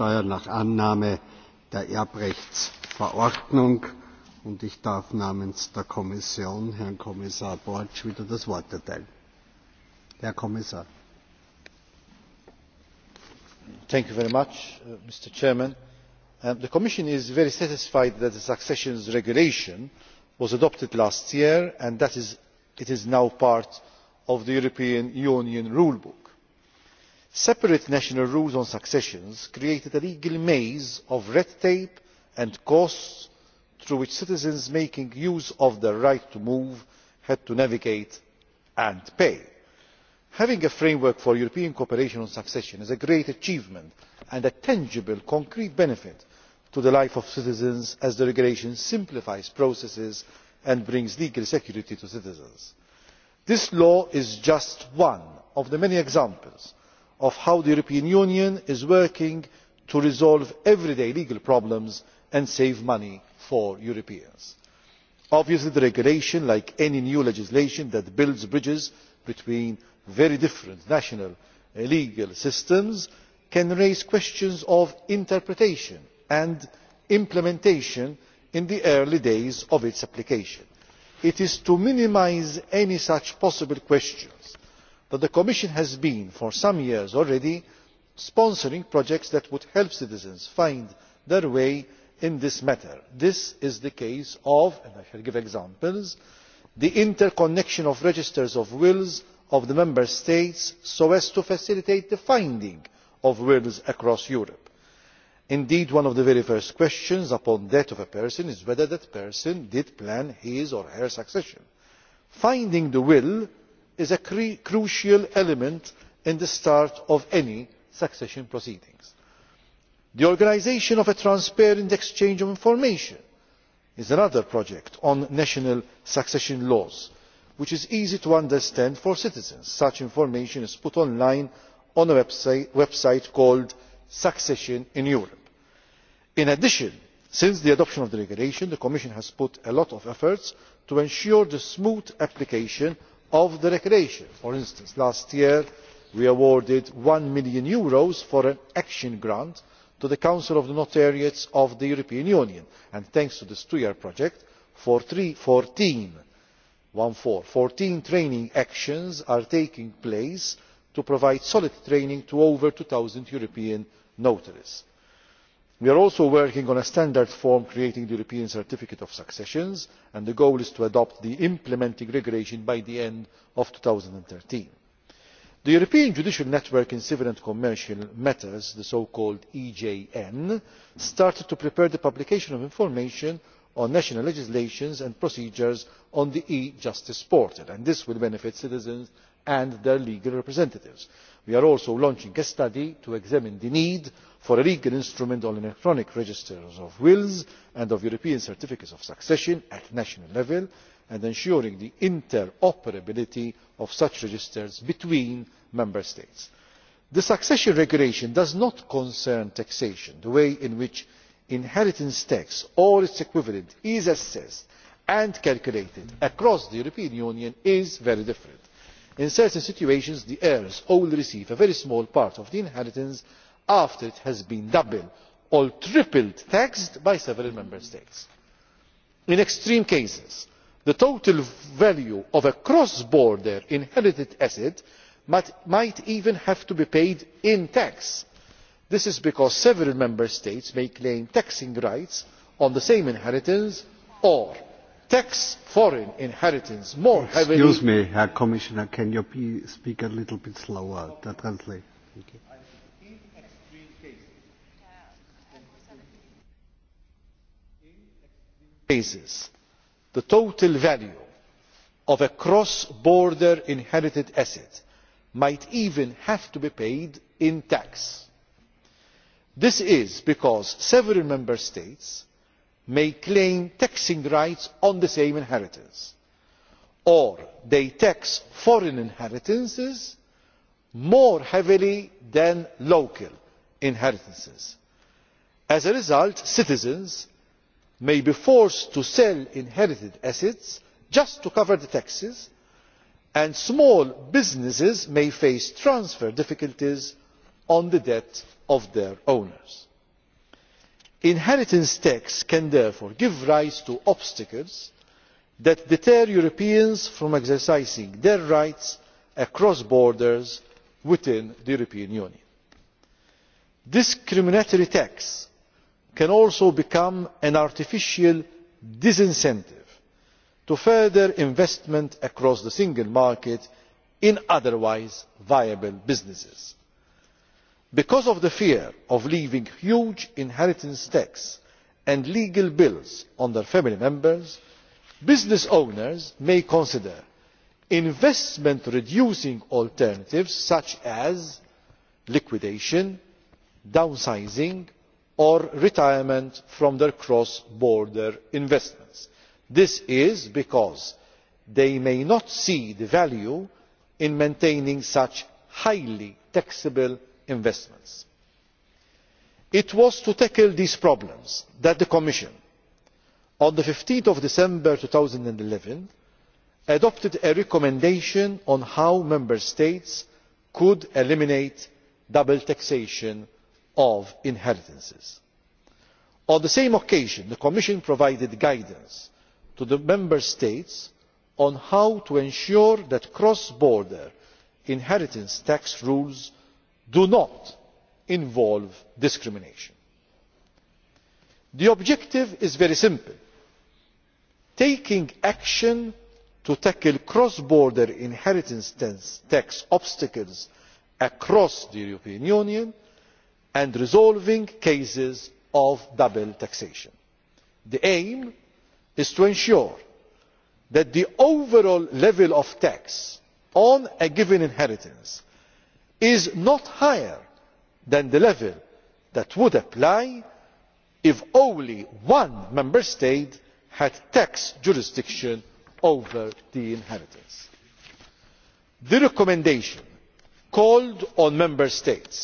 mehrwertsteuer nach annahme der erbrechtsverordnung und ich darf namens der kommission herrn kommissar borg wieder das wort erteilen. herr kommissar! mr uh, president um, the commission is very satisfied that the succession regulation was adopted last year and that it is now part of the european union rule separate national rules on successions created a legal maze of red tape and costs through which citizens making use of their right to move had to navigate and pay. having a framework for european cooperation on succession is a great achievement and a tangible concrete benefit to the life of citizens as the regulation simplifies processes and brings legal security to citizens. this law is just one of the many examples of how the european union is working to resolve everyday legal problems and save money for europeans. obviously the regulation like any new legislation that builds bridges between very different national eh, legal systems can raise questions of interpretation and implementation in the early days of its application. it is to minimise any such possible questions but the commission has been for some years already sponsoring projects that would help citizens find their way in this matter. this is the case of and i shall give examples the interconnection of registers of wills of the member states so as to facilitate the finding of wills across europe. indeed one of the very first questions upon death of a person is whether that person did plan his or her succession. finding the will is a crucial element in the start of any succession proceedings. the organisation of a transparent exchange of information is another project on national succession laws which is easy to understand for citizens. such information is put online on a website called succession in europe'. in addition since the adoption of the regulation the commission has put a lot of effort into ensuring the smooth application of recreation. for instance last year we awarded eur one million for an action grant to the council of the notariates of the european union and thanks to this two year project fourteen training actions are taking place to provide solid training to over two european notaries we are also working on a standard form creating the european certificate of succession and the goal is to adopt the implementing regulation by the end of. two thousand and thirteen the european judicial network in civil and commercial matters the so called ejn started to prepare the publication of information on national legislation and procedures on the e justice portal and this will benefit citizens and their legal representatives. we are also launching a study to examine the need for a legal instrument on electronic registers of wills and of european certificates of succession at national level and ensuring the interoperability of such registers between member states. the succession regulation does not concern taxation the way in which inheritance tax or its equivalent is assessed and calculated across the european union is very different. in certain situations the heirs only receive a very small part of the inheritance after it has been doubled or tripled taxed by several member states. in extreme cases the total value of a cross border inherited asset might even have to be paid in tax this is because several member states may claim taxing rights on the same inheritance or tax foreign inheritance more heavily. excuse me herr commissioner can you speak a little bit slower translate? cases the total value of a cross border inherited asset might even have to be paid in tax this is because several member states may claim taxing rights on the same inheritance or they tax foreign inheritances more heavily than local inheritances. as a result citizens may be forced to sell inherited assets just to cover the taxes and small businesses may face transfer difficulties on the debt of their owners. inheritance tax can therefore give rise to obstacles that deter europeans from exercising their rights across borders within the european union. discriminatory tax can also become an artificial disincentive to further investment across the single market in otherwise viable businesses because of the fear of leaving huge inheritance tax and legal bills on their family members business owners may consider investment reducing alternatives such as liquidation downsizing or retirement from their cross border investments. this is because they may not see the value in maintaining such highly taxable investments. it was to tackle these problems that the commission on fifteen december two thousand and eleven adopted a recommendation on how member states could eliminate double taxation of inheritances. on the same occasion the commission provided guidance to the member states on how to ensure that cross border inheritance tax rules do not involve discrimination. the objective is very simple taking action to tackle cross border inheritance tax obstacles across the european union and resolving cases of double taxation. the aim is to ensure that the overall level of tax on a given inheritance is not higher than the level that would apply if only one member state had tax jurisdiction over the inheritance. the recommendation called on member states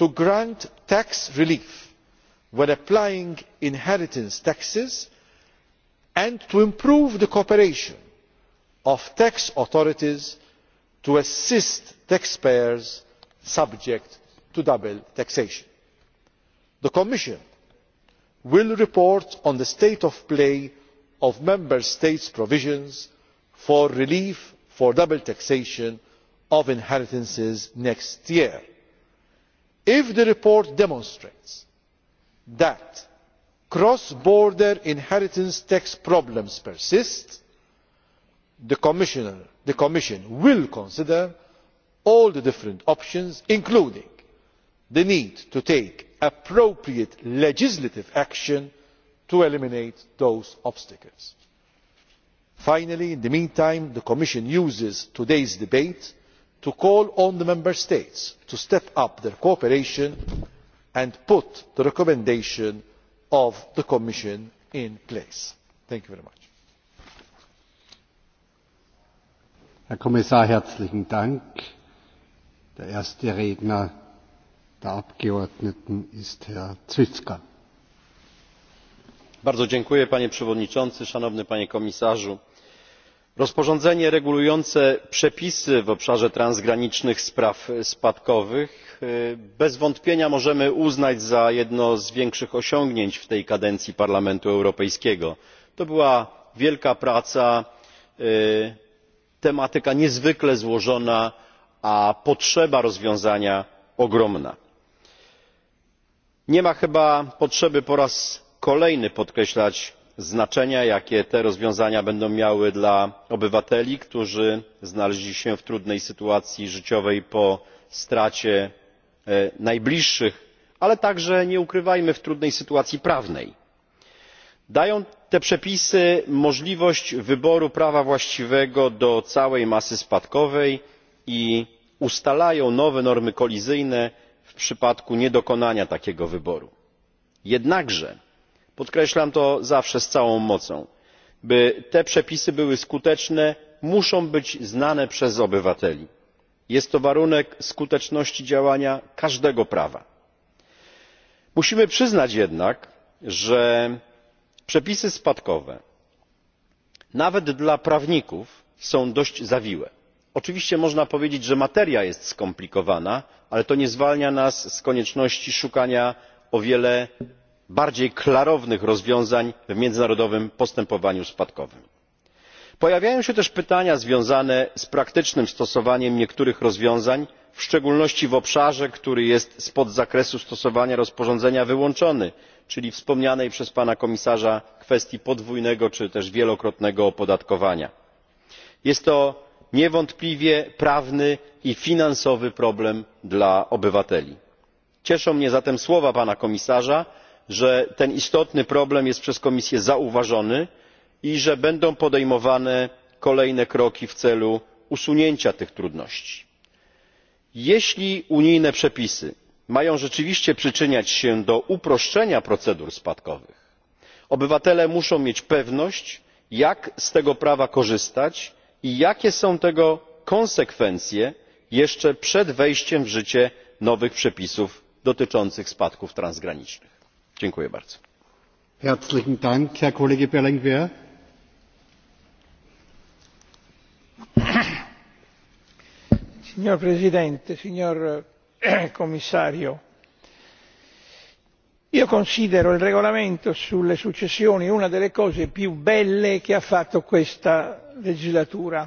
to grant tax relief when applying inheritance taxes and to improve the cooperation of tax authorities to assist taxpayers subject to double taxation. the commission will report on the state of play of member states' provisions for relief for double taxation of inheritances next year. if the report demonstrates that cross border inheritance tax problems persist the commission will consider all the different options including the need to take appropriate legislative action to eliminate those obstacles. finally in the meantime the commission uses today's debate to call on the member states to step up their cooperation and put the recommendation of the commission in place. thank you very much. Der Redner der Abgeordneten ist Herr Bardzo dziękuję panie szanowny panie komisarzu. Rozporządzenie regulujące przepisy w obszarze transgranicznych spraw spadkowych bez wątpienia możemy uznać za jedno z większych osiągnięć w tej kadencji Parlamentu Europejskiego. To była wielka praca tematyka niezwykle złożona a potrzeba rozwiązania ogromna. nie ma chyba potrzeby po raz kolejny podkreślać znaczenia jakie te rozwiązania będą miały dla obywateli którzy znaleźli się w trudnej sytuacji życiowej po stracie e, najbliższych ale także nie ukrywajmy w trudnej sytuacji prawnej. dają te przepisy możliwość wyboru prawa właściwego do całej masy spadkowej i ustalają nowe normy kolizyjne w przypadku niedokonania takiego wyboru. jednakże podkreślam to zawsze z całą mocą by te przepisy były skuteczne muszą być znane przez obywateli. jest to warunek skuteczności działania każdego prawa. musimy przyznać jednak że przepisy spadkowe nawet dla prawników są dość zawiłe oczywiście można powiedzieć że materia jest skomplikowana ale to nie zwalnia nas z konieczności szukania o wiele bardziej klarownych rozwiązań w międzynarodowym postępowaniu spadkowym. pojawiają się też pytania związane z praktycznym stosowaniem niektórych rozwiązań w szczególności w obszarze który jest spod zakresu stosowania rozporządzenia wyłączony czyli wspomnianej przez pana komisarza kwestii podwójnego czy też wielokrotnego opodatkowania. jest to niewątpliwie prawny i finansowy problem dla obywateli. cieszą mnie zatem słowa pana komisarza że ten istotny problem jest przez komisję zauważony i że będą podejmowane kolejne kroki w celu usunięcia tych trudności. jeśli unijne przepisy mają rzeczywiście przyczyniać się do uproszczenia procedur spadkowych obywatele muszą mieć pewność jak z tego prawa korzystać i jakie są tego konsekwencje jeszcze przed wejściem w życie nowych przepisów dotyczących spadków transgranicznych? dziękuję bardzo io considero il regolamento sulle successioni una delle cose più belle che ha fatto questa legislatura.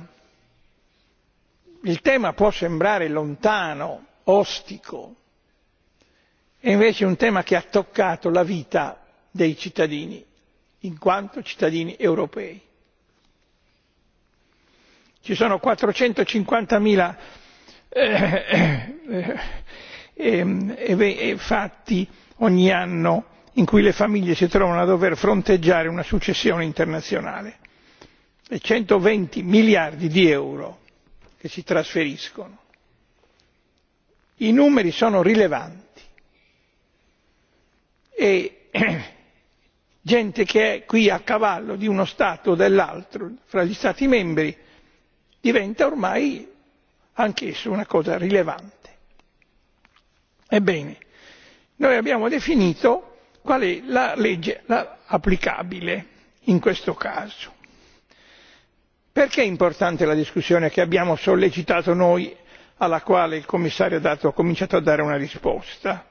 il tema può sembrare lontano ostico è invece un tema che ha toccato la vita dei cittadini in quanto cittadini europei. ci sono quattrocentocinquanta zero eh, eh, eh, ehm, e e fatti ogni anno in cui le famiglie si trovano a dover fronteggiare una successione internazionale e centoventi miliardi di euro che si trasferiscono. i numeri sono rilevanti e gente che è qui a cavallo di uno stato o dell'altro fra gli stati membri diventa ormai ...anch'esso una cosa rilevante. ebbene noi abbiamo definito qual è la legge applicabile in questo caso. perché è importante la discussione che abbiamo sollecitato noi alla quale il commissario ha cominciato a dare una risposta?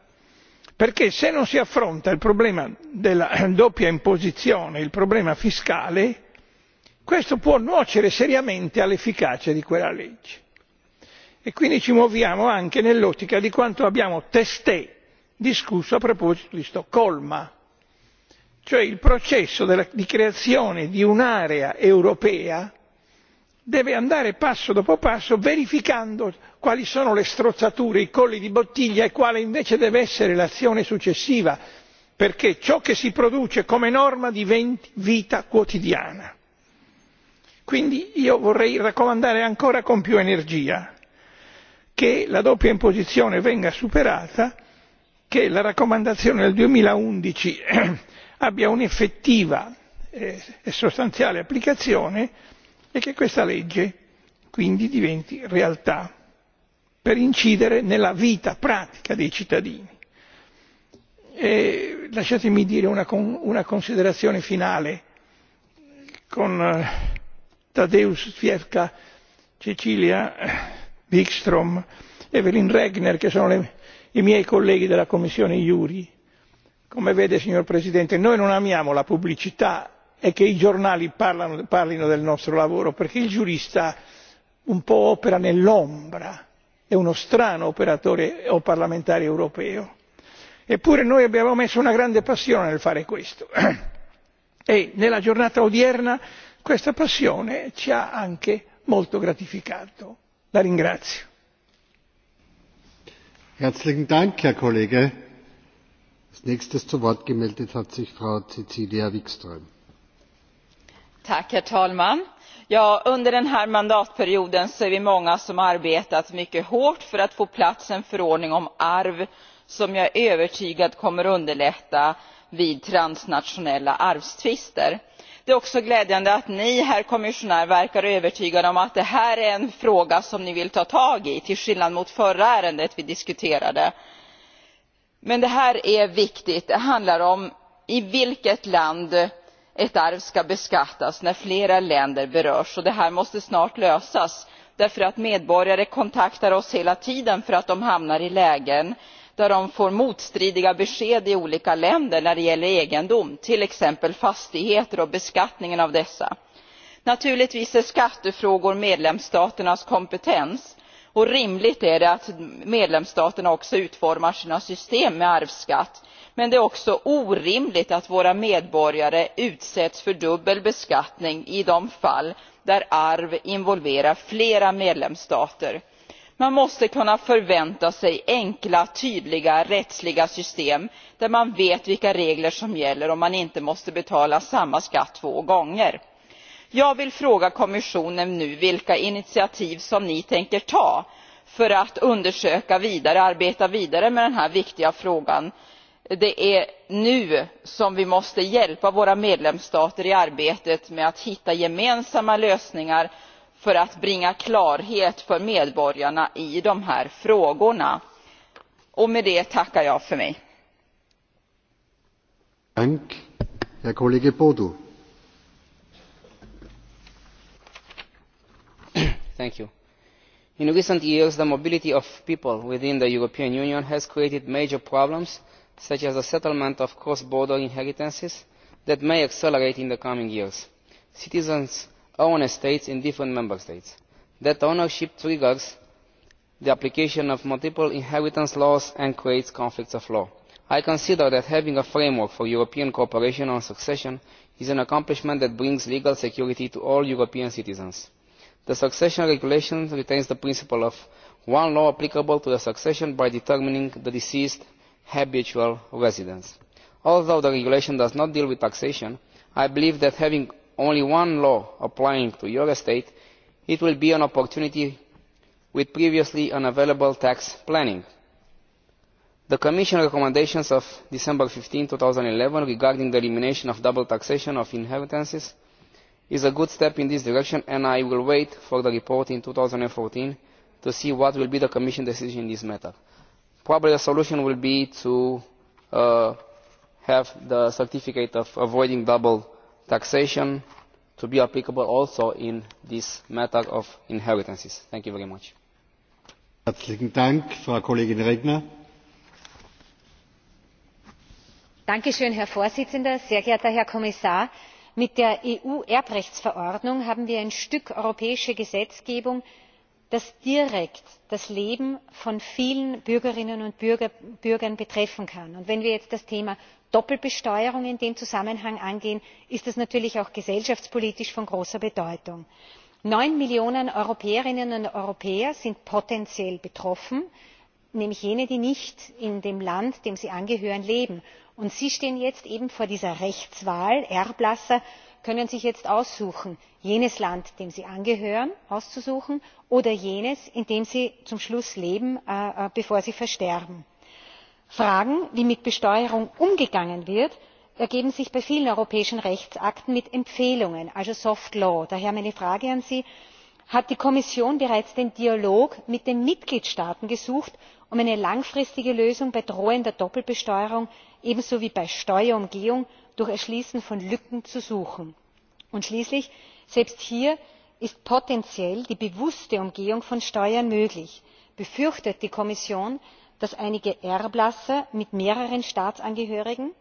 perché se non si affronta il problema della doppia imposizione il problema fiscale questo può nuocere seriamente all'efficacia di quella legge e quindi ci muoviamo anche nell'ottica di quanto abbiamo testé discusso a proposito di stoccolma cioè il processo di creazione di un'area europea deve andare passo dopo passo verificando quali sono le strozzature i colli di bottiglia e quale invece deve essere l'azione successiva perché ciò che si produce come norma diventi vita quotidiana. quindi io vorrei raccomandare ancora con più energia che la doppia imposizione venga superata che la raccomandazione del duemilaundici abbia un'effettiva eh, e sostanziale applicazione e che questa legge quindi diventi realtà per incidere nella vita pratica dei cittadini. E lasciatemi dire una considerazione finale con eh, tadeusz zwiefka cecilia eh, wikstrm evelyn regner che sono le i miei colleghi della commissione juri come vede signor presidente noi non amiamo la pubblicità e che i giornali parlino del nostro lavoro perché il giurista un po' opera nell'ombra è uno strano operatore o parlamentare europeo eppure noi abbiamo messo una grande passione nel fare questo e nella giornata odierna questa passione ci ha anche molto gratificato la ringrazio. Herzlichen Dank, Herr Kollege. Als nächste zu Wort gemeldet hat sich Frau Cecilia Wikström. herr talman! under den här mandatperioden ser är vi många som har arbetat mycket hårt för att få plats en förordning om arv som jag är övertygad kommer att underlätta vid transnationella arvstvister det är också glädjande att ni herr kommissionär verkar övertygad om att det här är en fråga som ni vill ta tag i till skillnad mot förra ärendet vi diskuterade. men det här är viktigt. det handlar om i vilket land ett arv ska beskattas när flera länder berörs. det här måste snart lösas därför att medborgare kontaktar oss hela tiden för att de hamnar i lägen där de får motstridiga besked i olika länder när det gäller egendom exempel fastigheter och beskattningen av dessa. naturligtvis är skattefrågor medlemsstaternas kompetens och rimligt är det att medlemsstaterna också utformar sina system med arvsskatt men det är också orimligt att våra medborgare utsätts för dubbel beskattning i de fall där arv involverar flera medlemsstater man måste kunna förvänta sig enkla tydliga rättsliga system där man vet vilka regler som gäller och man inte måste betala samma skatt två gånger. jag vill fråga kommissionen nu vilka initiativ som ni tänker ta för att undersöka och arbeta vidare med den här viktiga frågan. det är nu som vi måste hjälpa våra medlemsstater i arbetet med att hitta gemensamma lösningar för att bringa klarhet för medborgarna i de här frågorna. Och med det tackar jag för mig. in recent years the mobility of people within the european union has created major problems such as the settlement of cross border inheritances that may accelerate in the coming years. citizens own estates in different member states. that ownership triggers the application of multiple inheritance laws and creates conflicts of law. i consider that having a framework for european cooperation on succession is an accomplishment that brings legal security to all european citizens. the succession regulation retains the principle of one law applicable to the succession by determining the deceased habitual residence. although the regulation does not deal with taxation i believe that having only one law applying to your estate it will be an opportunity with previously unavailable tax planning. the commission recommendations of december two thousand eleven regarding the elimination of double taxation of inheritances is a good step in this direction and i will wait for the report in two fourteen to see what will be the commission decision in this matter. probably the solution will be to uh, have the certificate of avoiding double taxation to be applicable also in this matter of inheritances. Thank you very much. Dankeschön, Herr Vorsitzender, sehr geehrter Herr Kommissar! Mit der EU Erbrechtsverordnung haben wir ein Stück europäische Gesetzgebung das direkt das leben von vielen bürgerinnen und bürgern betreffen kann. wenn wir jetzt das thema doppelbesteuerung in dem zusammenhang angehen ist das natürlich auch gesellschaftspolitisch von großer bedeutung. neun millionen europäerinnen und europäer sind potenziell betroffen nämlich jene die nicht in dem land dem sie angehören leben und sie stehen jetzt eben vor dieser rechtswahl erblasser können sich jetzt aussuchen jenes land dem sie angehören auszusuchen, oder jenes in dem sie zum schluss leben äh, äh, bevor sie versterben. fragen wie mit besteuerung umgegangen wird ergeben sich bei vielen europäischen rechtsakten mit empfehlungen also soft law. daher meine frage an sie hat die kommission bereits den dialog mit den mitgliedstaaten gesucht um eine langfristige lösung bei drohender doppelbesteuerung ebenso wie bei steuerumgehung durch erschließen von lücken zu suchen. und schließlich selbst hier ist potenziell die bewusste umgehung von steuern möglich. befürchtet die kommission dass einige erblasser mit mehreren staatsangehörigkeiten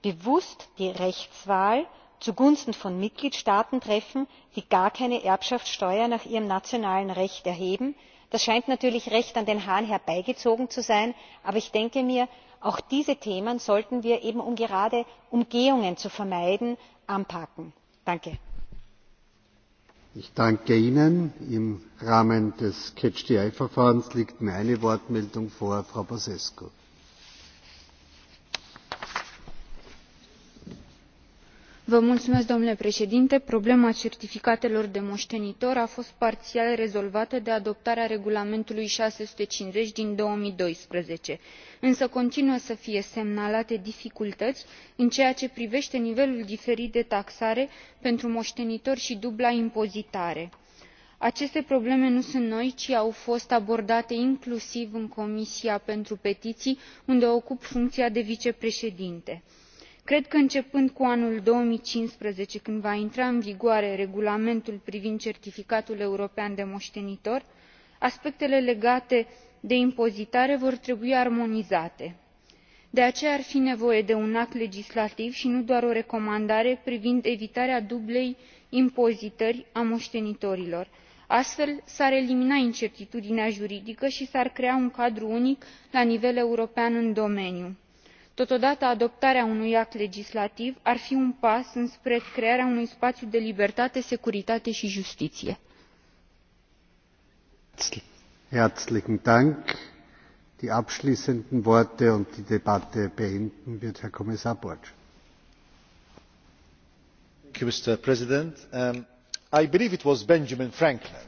bewusst die rechtswahl zugunsten von mitgliedstaaten treffen die gar keine erbschaftssteuer nach ihrem nationalen recht erheben? das scheint natürlich recht an den haaren herbeigezogen zu sein aber ich denke mir auch diese themen sollten wir eben um gerade umgehungen zu vermeiden anpacken. ich danke ihnen. im rahmen des verfahrens liegt mir eine wortmeldung vor frau bsescu. problema certificatelor de moștenitor a fost parțial rezolvată de adoptarea regulamentului 650 șase sute cincizeci două mii însă continuă să fie semnalate dificultăți în ceea ce privește nivelul diferit de taxare pentru moștenitori și dubla impozitare. aceste probleme nu sunt noi ci au fost abordate inclusiv în comisia pentru petiții unde ocup funcția de vicepreședinte cred că începând cu anul două mii cincisprezece când va intra în vigoare regulamentul privind certificatul european de moștenitor aspectele legate de impozitare vor trebui armonizate. de aceea ar fi nevoie de un act legislativ și nu doar o recomandare privind evitarea dublei impozitări a moștenitorilor. astfel s ar elimina incertitudinea juridică și s ar crea un cadru unic la nivel european în domeniu totodată adoptarea unui act legislativ ar fi un pas înspre crearea unui spațiu de libertate securitate și justiție. die abschließenden worte und die debatte beenden wird herr kommissar borg. mr president um, i believe it was benjamin franklin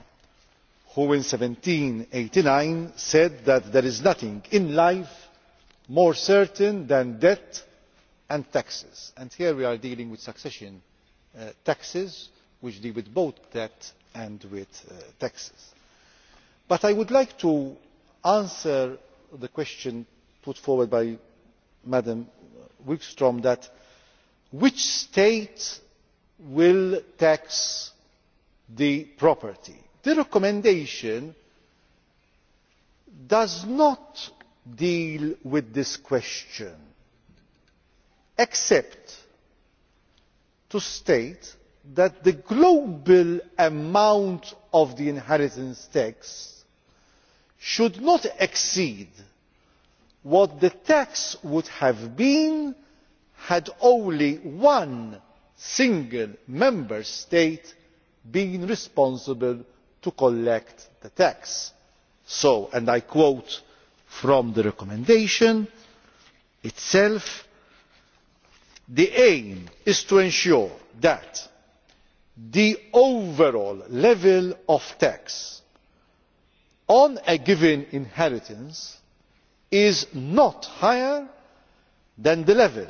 who in seventeen eighty nine said that there is nothing in life more certain than debt and taxes and here we are dealing with succession uh, taxes which deal with both debt and with uh, taxes. but i would like to answer the question put forward by ms wikstrm that which state will tax the property? the recommendation does not deal with this question except to state that the global amount of the inheritance tax should not exceed what the tax would have been had only one single member state been responsible to collect the tax. so and i quote from the recommendation itself the aim is to ensure that the overall level of tax on a given inheritance is not higher than the level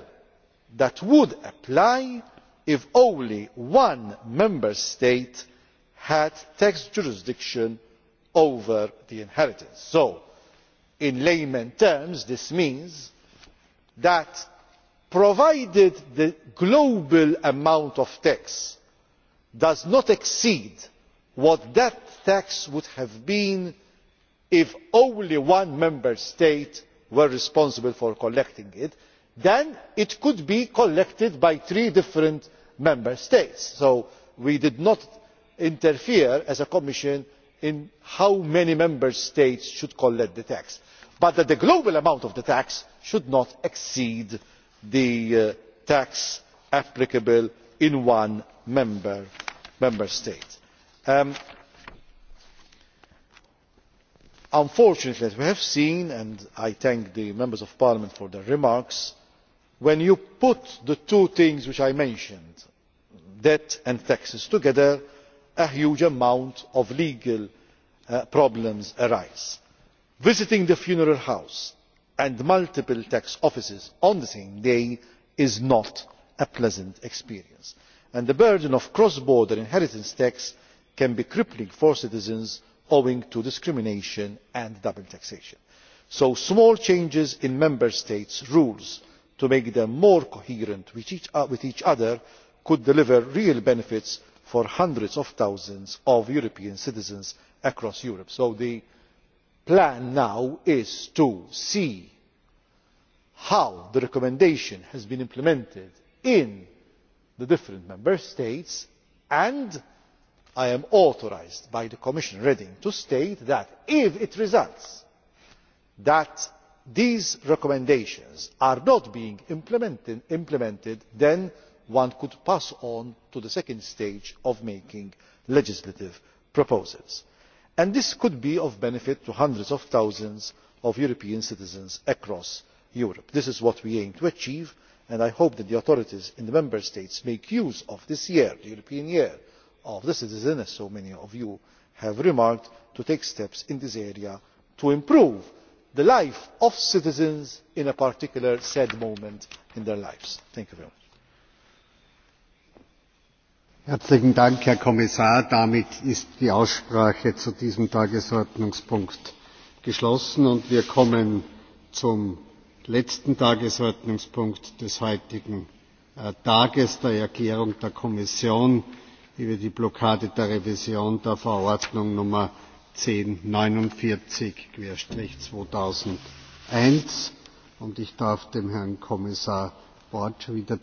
that would apply if only one member state had tax jurisdiction over the inheritance. so in layman terms this means that provided the global amount of tax does not exceed what that tax would have been if only one member state were responsible for collecting it then it could be collected by three different member states. so we did not interfere as a commission in how many member states should collect the tax but that the global amount of the tax should not exceed the uh, tax applicable in one member state. Um, unfortunately as we have seen and i thank the members of parliament for their remarks when you put the two things which i mentioned debt and taxes together a huge amount of legal uh, problems arise visiting the funeral house and multiple tax offices on the same day is not a pleasant experience and the burden of cross border inheritance tax can be crippling for citizens owing to discrimination and double taxation. so small changes in member states' rules to make them more coherent with each uh, other could deliver real benefits for hundreds of thousands of european citizens across europe. so plan now is to see how the recommendation has been implemented in the different member states and i am authorised by commissioner reding to state that if it results that these recommendations are not being implemented then one could pass on to the second stage of making legislative proposals and this could be of benefit to hundreds of thousands of european citizens across europe. this is what we aim to achieve and i hope that the authorities in the member states make use of this year the european year of the citizen as so many of you have remarked to take steps in this area to improve the life of citizens in a particular sad moment in their lives. thank you Herzlichen Dank, Herr Kommissar. Damit ist die Aussprache zu diesem Tagesordnungspunkt geschlossen und wir kommen zum letzten Tagesordnungspunkt des heutigen äh, Tages, der Erklärung der Kommission über die Blockade der Revision der Verordnung Nummer 1049 2001 und ich darf dem Herrn Kommissar Borg wieder